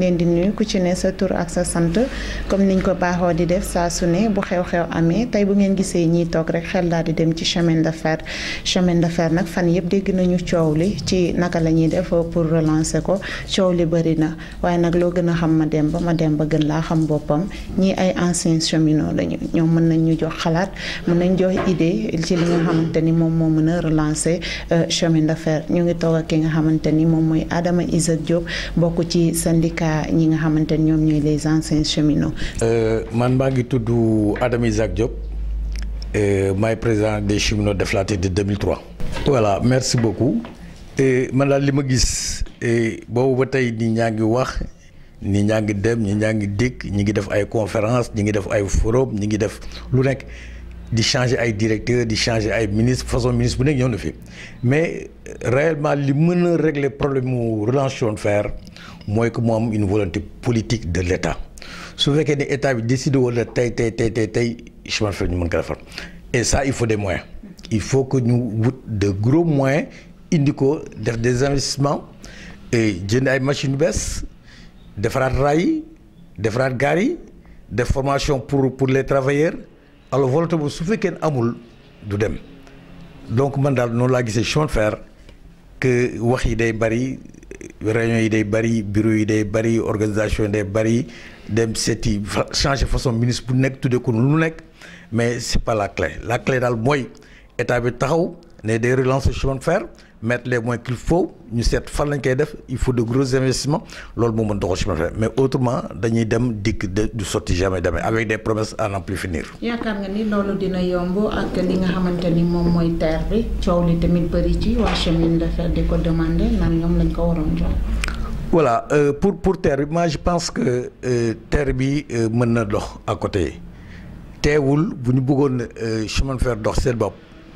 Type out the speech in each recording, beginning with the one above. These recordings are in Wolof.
leen di nuyu ku ci ne sa tur ak sa sant comme niñ ko baaxoo di def saa su ne bu xew-xew amee tey bu ngeen gisee ñiy toog rek xel daal di dem ci chemin de fer chemin de fer nag fan yëpp dégg nañu coow li ci naka la ñuy def pour relancer ko coow li bëri na waaye nag loo gën a xam ma dem ba ma dem ba gën laa xam boppam ñi ay anciens cheminots lañu ñoom mën nañ ñu jox xalaat mën nañ jox idée ci li nga xamante ni moom moo mën a relancer euh, chemin de fer ñu ngi toog ki nga xamante ni moom mooy Adama Isaac Diop bokk ci syndicat cas ñi nga xamante ne ñoom ñooy les anciens cheminots. Euh, man maa ngi tudd Adam Isaac Diop euh, maay président des cheminots Deflaté de 2003. voilà merci beaucoup. man daal li ma gis boobu ba tey nii ñaa ngi wax ni ñaa ngi dem ñi ñaa ngi dikk ñi ngi def ay conférence ñi ngi def ay forum ñi ngi def lu nekk. di changer ay directeur di changer ay ministre façon ministre bu nekk ñëw na fi mais réellement li mën a régler problème mu relation de fer mooy que mu am une volonté politique de l' état su fekkee ne état bi décidé wala tey tey tey tey tey chemin fer ñu mën ko defar et ça il faut des moyens il faut que ñu wut de gros moyens indi ko def des investissements jën ay machines yu bees defaraat raay defaraat gaar yi def formation pour pour les travailleurs alors volonté boobu su fekkee amul du dem donc man daal noonu laa gisee chemin de que wax yi day bari. réunion yi day bëri bureau yi day bëri organisation yi day bëri dem seeti changer façon ministre bu nekk tuddee ko lu nekk mais c'est pas la clé la daal mooy état bi taxaw ne day relancer chemin de fer mettre les moyens qu'il ñu seet fan lañ koy def il faut de gros investissements loolu moom mën doxal chemin de mais autrement dañuy dem dikk du sotti jamais demee avec des promesses à n'en plus finir. yaakaar nga ni loolu dina yomb ak li nga xamante ni moom mooy terre bi coow li tamit bëri ci waa chemin de fer naan ñoom lañ ko waroon jox. voilà euh, pour pour terre bi moi je pense que euh, terre bi euh, mën na dox ak côté teewul bu ñu bëggoon euh, chemin de bopp.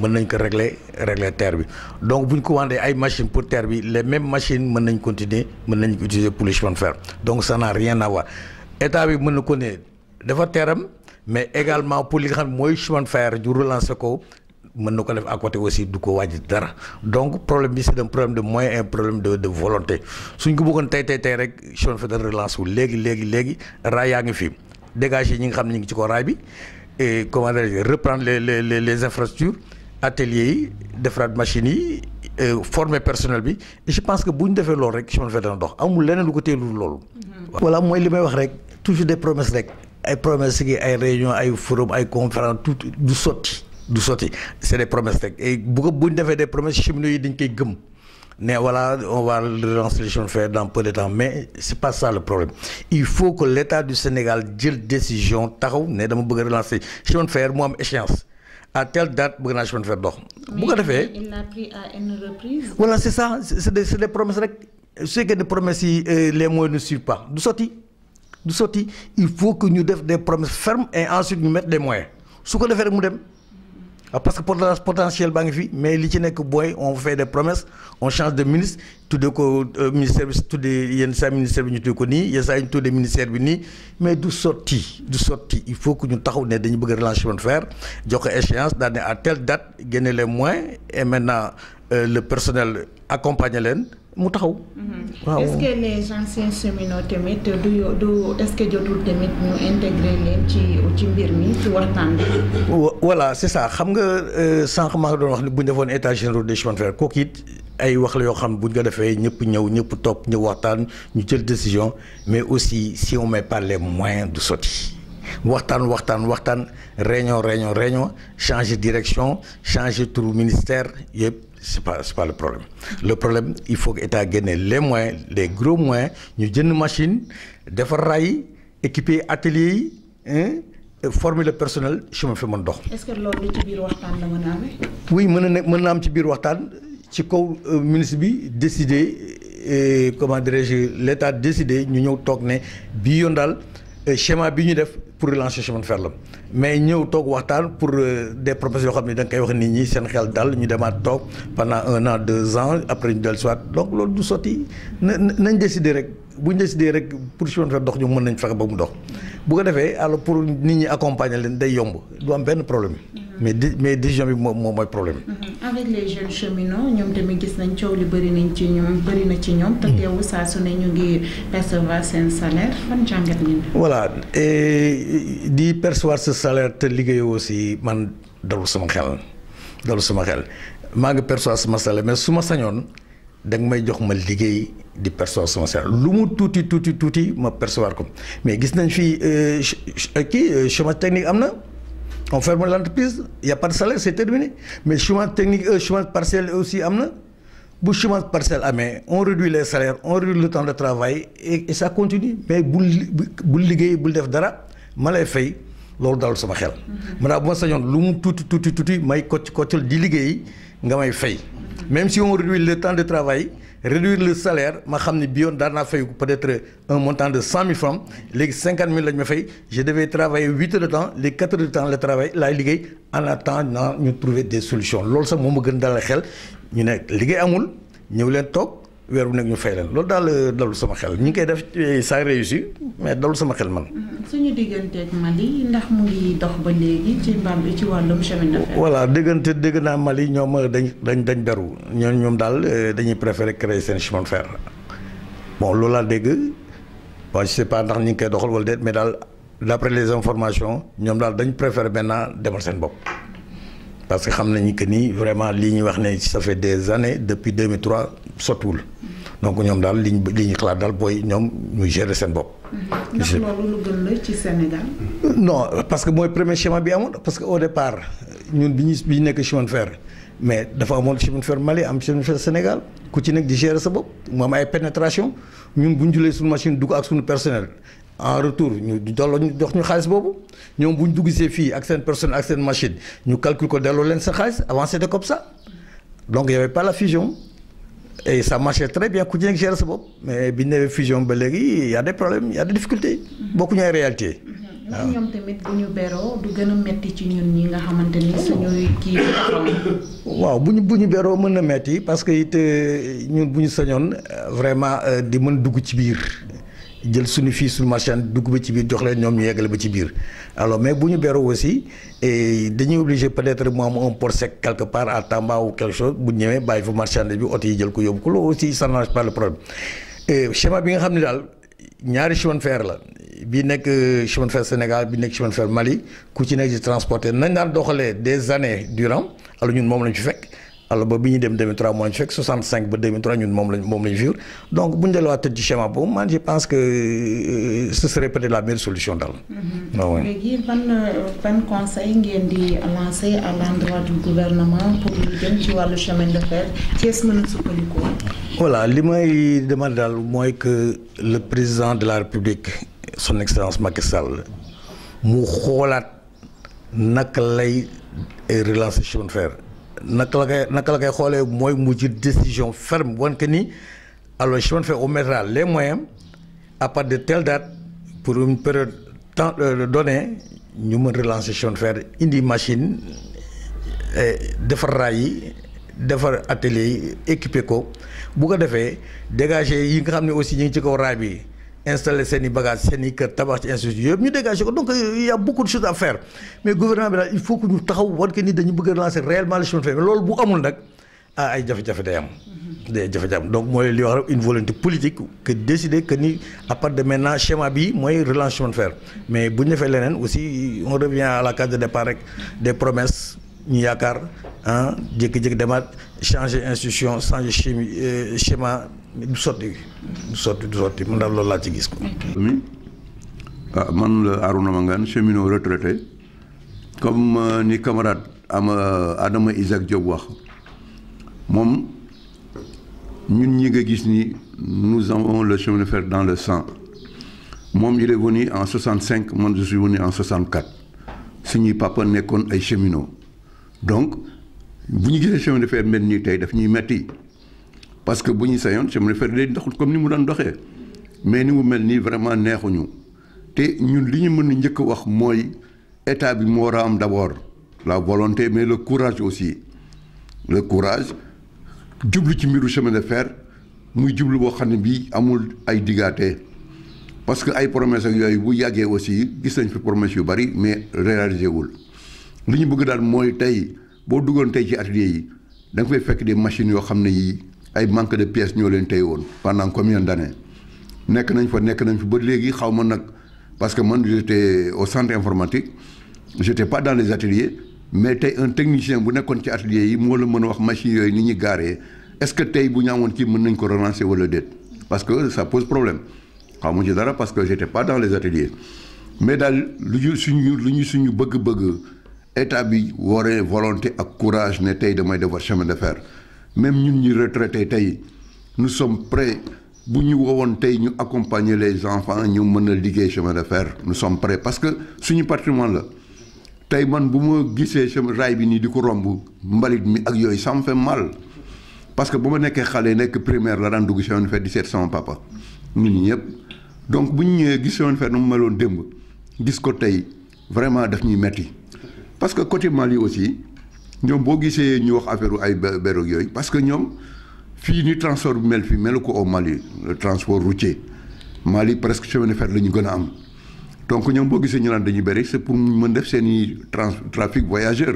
mën nañ ko régler régler terre bi donc bu ñu ko commandé ay machine pour terre bi le même machine mën nañ continuer mën nañ ko utiliser pour les chemins de fer donc ça n'a rien à voir état bi mën na ko ne dafa teeram mais également pour li nga xam ne mooy chemin de fer ñu relancer ko mën na ko def à côté aussi du ko wàññi dara donc problème bi c'est un problème de moyen et un problème de de volonté suñ ko bëggoon tey tey tey rek chemin de fer dana relance wu léegi léegi léegi raay yaa ngi fi dégager ñi nga xam ne ñu ngi ci ko raay bi et comment dire les les les infrastructures atelier yi defaraat machines yi euh, former personnel bi je pense que bu ñu defee loolu rek chemin de fer dana dox amul leneen lu ko teelul loolu. Mm-hmm. voilà mooy li may wax rek toujours des promesses rek ay promesses yi ay réunions ay forum ay conférences tout du sotti du sotti c' est des promesses rek et bu ko bu ñu defee des promesses cheminots yi dañ koy gëm. mais voilà, on va relancer les choses faire dans peu de temps. Mais ce n'est pas ça le problème. Il faut que l'État du Sénégal dise décision, je veux relancer les choses faire, moi, échéance. à telle date bëgg naa chemin de fer dox. bu ko defee il n'a pris à ça c' est des rek su fekkee ne promesses yi euh, les moyens ne suivent pas du sotti du sotti il faut que ñu def des promesses fermes et ensuite ñu mettre des moyens su ko defee rek mu dem. Ah, parce que potentiel baa ngi fi mais li ci nekk booy on fait des promesses on change de ministre tuddee ko euh, ministère bi tuddee yenn saa ministère bi ko nii yenn saa ñu ministère bi nii mais du sotti du sotti il faut que ñu taxaw ne dañu bëgg a relancer chemin de fer jox ko échéance daal ne à telle date génne les moyens et maintenant euh, le personnel accompagner leen. mu taxaw. Mm-hmm. waaw est-ce que les anciens cheminots du du jotul tamit ñu intégrer leen ci mbir mi ci waxtaan bi. c'est ça xam nga euh, sànq maa ngi doon wax ni bu ñu defoon état général des chemins fer kooku it ay wax la yoo xam bu ñu ko defee ñëpp ñëw ñëpp topp ñu waxtaan ñu jël décision mais aussi si on met pas les moyens du sotti. waxtaan waxtaan waxtaan réunion réunion réunion changer direction changer turu ministère yëpp. c'est pas c'est pas le problème le problème il faut que état génne les moyens les gros moyens ñu jën machine defar raay équiper atelier yi former le personnel chemin fi mën dox. est-ce que loolu ci biir waxtaan la mën a amee. oui mën naa am ci biir waxtaan ci kaw euh, ministre bi décidé comment dirais-je l'état décider ñu ñëw toog ne bii yoon daal. Euh, schéma bi ñu def pour relancer chemin de fer la mais ñëw toog waxtaan pour euh, de propositions yoo xam ne da nga koy wax nit ñi seen xel dal ñu demaat toog pendant un an deux ans après ñu dellusiwaat donc loolu du sotti na nañ décider rek. bu ñu décidé rek pour si fa dox ñu mën nañ fexe ba mu dox bu ko defee alors pour nit ñi accompagner leen day yomb du am benn problème mm-hmm. mais di mais décision bi moom moom mooy problème. Mm-hmm. avec les jeunes cheminots ñoom tamit gis nañ coow li bëri nañ ci ñoom ci ñoom. te mm-hmm. teewu saa su ne ñu ngi percevoir seen salaire fan jàngat ñu. voilà di percevoir ce salaire te liggéey aussi man dalul sama xel dalul sama xel maa ngi percevoir sama salaire mais su ma sañoon. danga may jox ma liggéey di percevoir sama salaire lu mu tuuti tuuti tuuti ma percevoir ko mais gis nañ fii euh, euh, kii euh, chômage technique am na on ferme l'entreprise y a pas de mais chômage technique chômage partiel aussi am na bu chômage partiel amee on réduit les salaires on réduit le temps de travail et ça continue mais bul bul liggéey bul def dara ma lay fay loolu dalul sama xel. Mm-hmm. maanaam bu ma sañoon lu mu tuuti tuuti tuuti may kocc koccal di liggéey nga may fay. même si on réduit le temps de travail réduire le salaire ma xam ne bi yoon daan naa fay peut-être un montant de cent mille francs léegi cinquante mille lañ ma fay je devais travailler huit de temps les quatre de temps la travail laay liggéey en attendant ñu trouver des solutions loolu sax moom ma gën dalal xel ñu ne liggéey amul ñëw leen toog. weer bu nekk ñu fay leen loolu daal euh, dalul sama xel ñu ngi koy def saa euh, réussi mais dalul sama xel man. Mhm. suñu digganteeg Mali ndax mu ngi dox ba léegi ci mbaam bi ci wàllum chemin fer. voilà diggante dégg naa Mali ñoom euh, dañ dañ dañ beru ñoom ñoom daal dañuy préférer créer seen chemin de fer bon loolu laa dégg bon je sais pas ndax ñi ngi koy doxal wala de mais daal d' après les informations ñoom daal dañ préférer maintenant demal seen bopp. parce que xam nañu que ni vraiment lii ñuy wax ne ça fait des années depuis 2003 sottiwul. donc ñoom daal li ñu li ñu xalaat daal booy ñoom ñuy gérer seen bopp. Mm-hmm. ndax loolu lu euh, non parce que mooy premier chemin bi amoon parce que au départ ñun bi ñu bi nekk chemin de fer mais dafa amoon chemin de fer Mali am chemin de Sénégal ku ci nekk di gérer sa bopp moom ay pénétration ñun bu ñu jëlee suñu machine dugg ak suñu personnel. en retour ñu delloo ñu jox ñu xaalis boobu ñoom bu ñu dugg fii ak seen personne ak seen machine ñu calcule ko delloo leen sa xaalis avant c'était comme sax donc il y et ça marchait très bien ku ci nekk gérer sa bopp mais bi ñu newee fusion ba léegi y a des problèmes y a des difficultés. Mm-hmm. bokkuñu réalité mm-hmm. waaw ñoom tamit bu ñu beroo du gën a metti ci ñun ñi nga xamante suñuy kii. waaw bu ñu bu ñu beroo mën na metti parce que it euh, ñun bu ñu sañoon euh, vraiment euh, di mën dugg ci biir. jël suñu fii suñu marchand dugg ba ci biir jox leen ñoom ñu yeggale ba ci biir alors mais bu ñu beroo aussi dañuy obligé peut-être mu am un port sec quelque part à Tamba ou quelque chose bu ñëwee bàyyi fa marchandise bi oto yi jël ko yóbbu ko loolu aussi ça n'arrange le problème schéma bi nga xam ne daal ñaari chemin de la bi nekk euh, chemin de fer Sénégal bi nekk chemin de Mali ku ci nekk di transporter nañ daan doxalee des années durant alors ñun moom lañ fi fekk. alors ba bi ñu dem 2003 moo ñu fekk 65 ba 2003 ñun donc bu ñu delluwaat tëdd ci schéma boobu man je pense que euh, ce serait peut la meilleure solution daal. Mm-hmm. Ah léegi ban euh, ban conseil ngeen di lancer à l'endroit du gouvernement pour lu jëm ci wàllu chemin de fer Thiès mën a sukkandiku. voilà li may demande daal mooy que le président de la République son excellence Macky Sall mu xoolaat naka lay euh, relancer chemin fer. naka la koy naka la koy xoolee mooy mu jël décision ferme wan que ni alors chemin de fer on mettra les moyens à partir de telle date pour une période temps euh, donnée ñu mën relancer chemin de indi machine defar raay yi defar atelier yi équiper ko bu ko defee dégager yi nga xam ne aussi ñu ngi ci kaw raay bi. installé seen i bagages seen i kër tabax ci institut yëpp ñu dégagé ko donc il euh, y a beaucoup de choses à faire mais gouvernement bi daal il faut que ñu taxaw war que ni dañu bëgg a lancer le chemin de loolu bu amul nag ah ay jafe-jafe day am. Mhm. day jafe-jafe donc mooy li wax rek une volonté politique que décider que ni à part de maintenant schéma bi mooy relance chemin de mais bu ñu defee leneen aussi on revient à la case de départ rek des promesses. ñu yaakaar ah jékki-jékki demaat changer institution changer chimie euh, schéma du sotti du sotti du sotti mun daal loolu laa ci gis ko ah, man la Arouna Mangane cheminot retraité comme euh, ni camarade am Adama Isaac Diop wax moom ñun ñi nga gis ni nous avons le chemin de fer dans le cent moom il est venu en 65 man je suis venu en 64 suñuy papa nekkoon ay cheminot donc bu ñu gisee chemin de fer mel nii tey daf ñuy metti parce que bu ñu sañoon chemin de fer day doxul comme ni mu doon doxee mais ni mu mel nii vraiment neexuñu te ñun li ñu mën njëkk wax mooy état bi moo war a am d'abord la volonté mais le courage aussi le courage jublu ci mbiru chemin de fer muy jublu boo xam ne bii amul ay digaate parce que ay poromes ak yooyu bu yàggee aussi gis nañ fi promesse yu bari mais réalisé wul. li ñu bëgg daal mooy tey boo duggoon tey ci atelier yi da nga fay fekk des machines yoo xam ne yi ay manque de pièces ñoo leen tey woon pendant combien d'années nekk nañ fa nekk nañ fi ba léegi xaw ma nag parce que man j'étais au centre informatique j'étais pas dans les ateliers mais tey en technicien bu nekkoon ci atelier yi moo la mën wax machine yooyu ni ñuy gaaree est-ce que tey bu ñu amoon ci mën nañ ko relancer wala déet parce que ça pose problème xaw ma ci dara parce que j'étais pas d les ateliers mais daal lu ñu lu ñu suñu bëgg-bëgg état bi waree volonté ak courage ne tey damay defar chemin de fer même ñun ñuy retraité tey nous sommes prêts bu ñu wowoon tey ñu accompagner les enfants ñu mën na liggéey chemin de fer nous sommes prêts parce que suñu patrimoine la tey man bu ma gisee chemin raay bi nii di ko romb mbalit mi ak yooyu ça me fait parce que ba ma nekkee xale nekk primaire la daan dugg chemin de fer di seet sama papa ñun ñëpp donc bu ñu ñëwee gis chemin de nu mu meloon démb gis ko tey vraiment daf ñuy metti parce que côté Mali aussi ñoom boo gisee ñu wax affaire ay beroog yooyu parce que ñoom fii ni transport bi mel fii melu ko au Mali le transport routier Mali presque chemin de fer la ñu gën a am donc ñoom boo gisee ñu naan dañu bere c'est pour mën def seeni trans trafic voyageur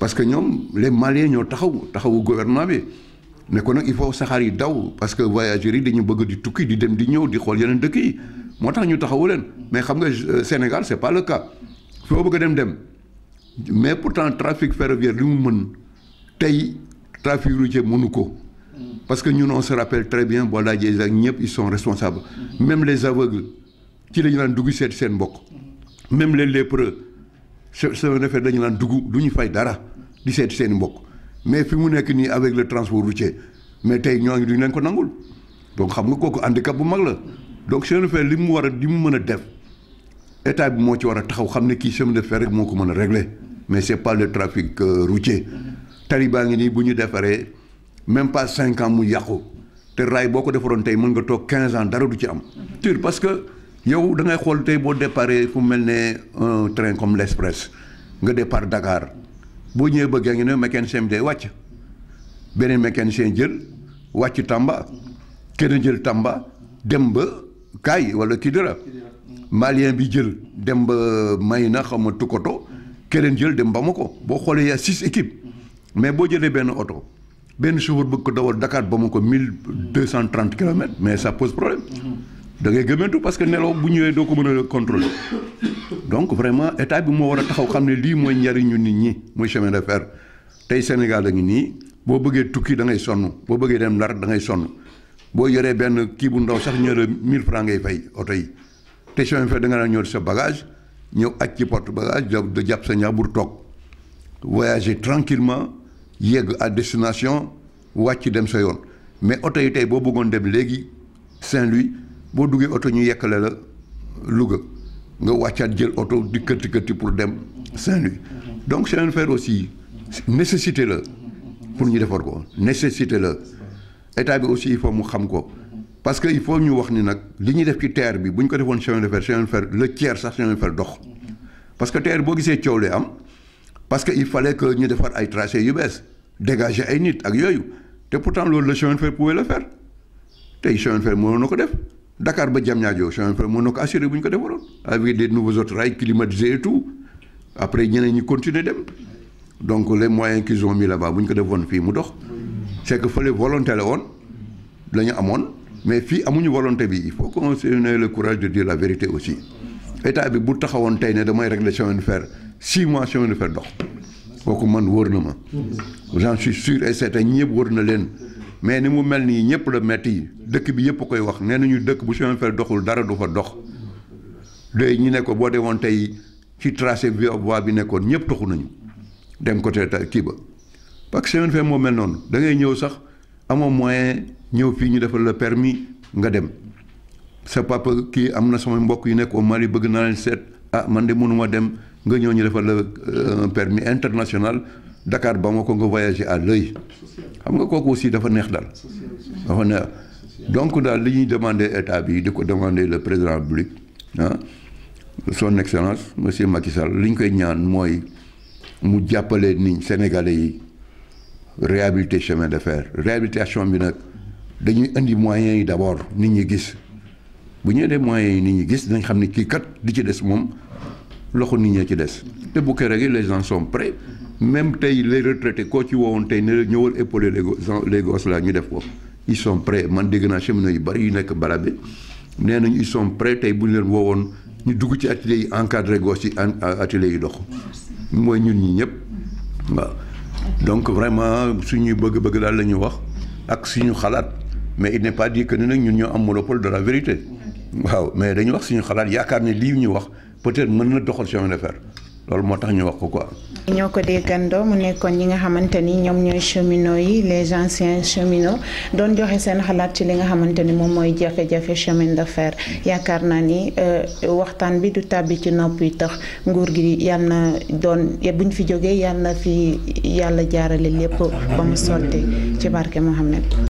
parce que ñoom les Maliens ñoo taxaw taxawu gouvernement bi ne ko nag il faut saxaar yi daw parce que voyageurs yi dañu bëgg di tukki di dem di ñëw di xool yeneen dëkk yi moo tax ñu taxawu leen mais xam nga euh, Sénégal c'est pas le bëgg a dem dem. mais pourtant trafic ferroviaire li mu mën tey trafic routier mënu ko. parce que ñun on se rappelle très bien boo laajee ak ñëpp ils sont responsables. même les aveugles ci la ñu naan dugg seet seen mbokk. même les lépreux se se dañu naan dugg du ñu fay dara di seet seen mbokk mais fi mu nekk nii avec le transport routier mais tey ñoo ngi duñ leen ko nangul donc xam nga kooku handicap bu mag la donc chemin de fer li mu war a li mu mën a def état bi moo ci war a taxaw xam ne kii chemin de fer rek moo ko mën a régler. mais c'est pas le trafic euh, routier tali baa ngi nii bu ñu defaree même pas cinq ans mu yàqu te raay boo ko defaroon tey mën nga toog quinze ans dara du ci am tur parce que yow da ngay xool tey boo déparé fu mel ne un train comme nga départ Dakar boo ñëwee ba Guinguinéo mécanicien bi day wàcc beneen mécanicien jël wàcc Tamba kenn jël Tamba dem ba Kaay wala Kidira malien bi jël dem ba Mayina xam nga Tukoto keneen jël dem ba ma ko boo xoolee y' a six équipes mais boo jëlee benn oto benn chauffeur bëgg ko dawal Dakar ba mu ko mille deux cent trente kilomètres mais ça pose problème da ngay gëmëntu parce que nelaw bu ñëwee doo ko mën a contrôler donc vraiment état bi moo war a taxaw xam ne lii mooy njariñu nit ñi muy chemin de fer tey Sénégal a ngi nii boo bëggee tukki da ngay sonn boo bëggee dem Ndar da ngay sonn boo yoree benn kii bu ndaw sax ñëw mille francs ngay fay oto yi te chemin de nga naan ñëw sa bagage. ñëw ak ci porte bagage da jàpp sa ñaabur toog voyager tranquillement yegg à destination wàcc dem sa yoon mais oto yi tey boo bëggoon dem léegi Saint-Louis boo duggee oto ñu yekkale la Louga nga wàccaat jël oto di këtti këtti pour dem Saint-Louis donc chemin de fer aussi nécessité la pour ñu defar ko nécessité la état bi aussi il faut mu xam ko parce que il faut ñu wax ni nag li ñu def ci terre bi bu ñu ko defoon chemin de fer chemin de fer le tiers sax chemin de fer dox parce que boo gisee coow lay am parce que il fallait que ñu defar ay tracé yu bees dégager ay nit ak yooyu te pourtant loolu la chemin de fer pouvait le faire tey chemin de fer mënoon na ko def Dakar ba Diamniadio chemin de fer mënoon na ko assurer bu ñu ko defaroon avec des nouveaux autorails climatisés et tout après ñeneen ñi continuer dem donc les moyens qu'ils ont mis là bu ñu ko defoon fii mu dox c'est que fële volonté la woon la amoon. mais fii amuñu volonté bi il faut qu'on se donne le courage de dire la vérité aussi état bi bu taxawoon tey ne damay régler chemin de fer six mois chemin de fer dox ko man wóor na ma j'en suis sûr et certain ñëpp wóor na leen mais ni mu mel nii ñëpp la metti dëkk bi yëpp koy wax nee nañu dëkk bu chemin de fer doxul dara du fa dox léegi ñu ne ko boo demoon tey ci tracé bi voie bi nekkoon ñëpp toxu nañu dem côté kii ba parce que chemin fer moo mel noonu da ngay ñëw sax amoo moyen ñëw fii ñu defal la permis nga dem sa papa kii am na sama mbokk yu nekk au Mali bëgg naa leen seet ah man de mënuma dem nga ñëw ñu defal la euh, un permis international Dakar ba ma ko nga voyager à l'œil xam nga kooku aussi dafa neex daal dafa neex donc daal li ñuy demander état bi di ko demander le président République ah son excellence monsieur Macky Sall li ñu koy ñaan mooy mu jàppale ni Sénégalais yi réhabilité chemin de fer réhabilitation bi nag. dañuy indi moyens yi d'abord nit ñi gis bu ñu indee moyens yi nit ñi gis dañ xam ne kii kat di ci des moom loxo nit ñee ci des te bu kere gi les gens sont prêts même tey les retraités koo ci woowoon tey ne ñëwal épauler les les gosses là ñu def ko ils sont prêts man dégg naa cheminots yu bari yu nekk Barabe nee nañ ils sont prêts tey bu ñu leen woowoon ñu dugg ci ateliers yi encadré gosses yi ateliers yi dox mooy ñun ñi ñëpp waaw donc vraiment suñuy bëgg-bëgg daal la ñu wax ak suñu xalaat. mais il n'est pas dit que ne nag ñun ñoo am monopole de la vérité waaw mais dañu wax suñu xalaat yaakaar ne lii ñu wax peut-être mën na doxal chemin de fer loolu moo tax ñu wax ko quoi. ñoo ko déggandoo mu nekkoon ñi nga xamante ni ñoom ñooy cheminots yi les anciens cheminots doon joxe seen xalaat ci li nga xamante ni moom mooy jafe-jafe chemin de fer yaakaar naa ni euh, waxtaan bi du tàbbi ci nopp yi tax nguur gi yal na doon bu ñu fi jógee yal na fi yàlla jaarale lépp ba mu sotti ci barke Mohamed.